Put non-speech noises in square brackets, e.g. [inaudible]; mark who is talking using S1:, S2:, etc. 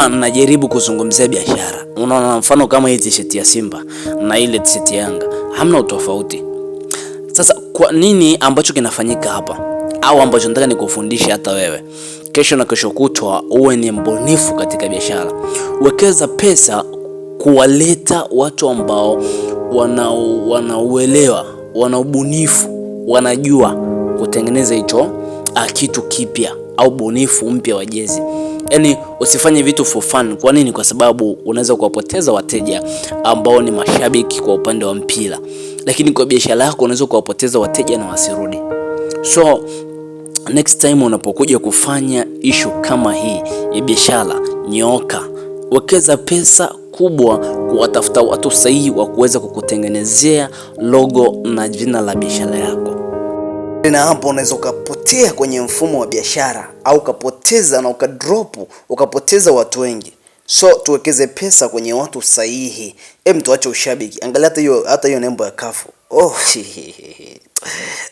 S1: kama najaribu kuzungumzia biashara, unaona, mfano kama hii tisheti ya Simba na ile tisheti ya Yanga hamna utofauti. Sasa kwa nini ambacho kinafanyika hapa au ambacho nataka nikufundishe hata wewe kesho na kesho kutwa uwe ni mbunifu katika biashara. Wekeza pesa kuwaleta watu ambao wanauelewa, wana ubunifu, wanajua kutengeneza hicho ah, kitu kipya au bunifu mpya wa jezi. Yaani usifanye vitu for fun. Kwa nini? Kwa sababu unaweza kuwapoteza wateja ambao ni mashabiki kwa upande wa mpira, lakini kwa biashara yako unaweza kuwapoteza wateja na wasirudi. So next time unapokuja kufanya ishu kama hii ya biashara, nyoka wekeza pesa kubwa kuwatafuta watu sahihi wa kuweza kukutengenezea logo na jina la biashara yako
S2: na hapo unaweza ukapotea kwenye mfumo wa biashara au ukapoteza na ukadrop ukapoteza watu wengi. So tuwekeze pesa kwenye watu sahihi. Hem, tuache ushabiki. Angalia hata hiyo hata hiyo nembo ya kafu. Oh, [laughs]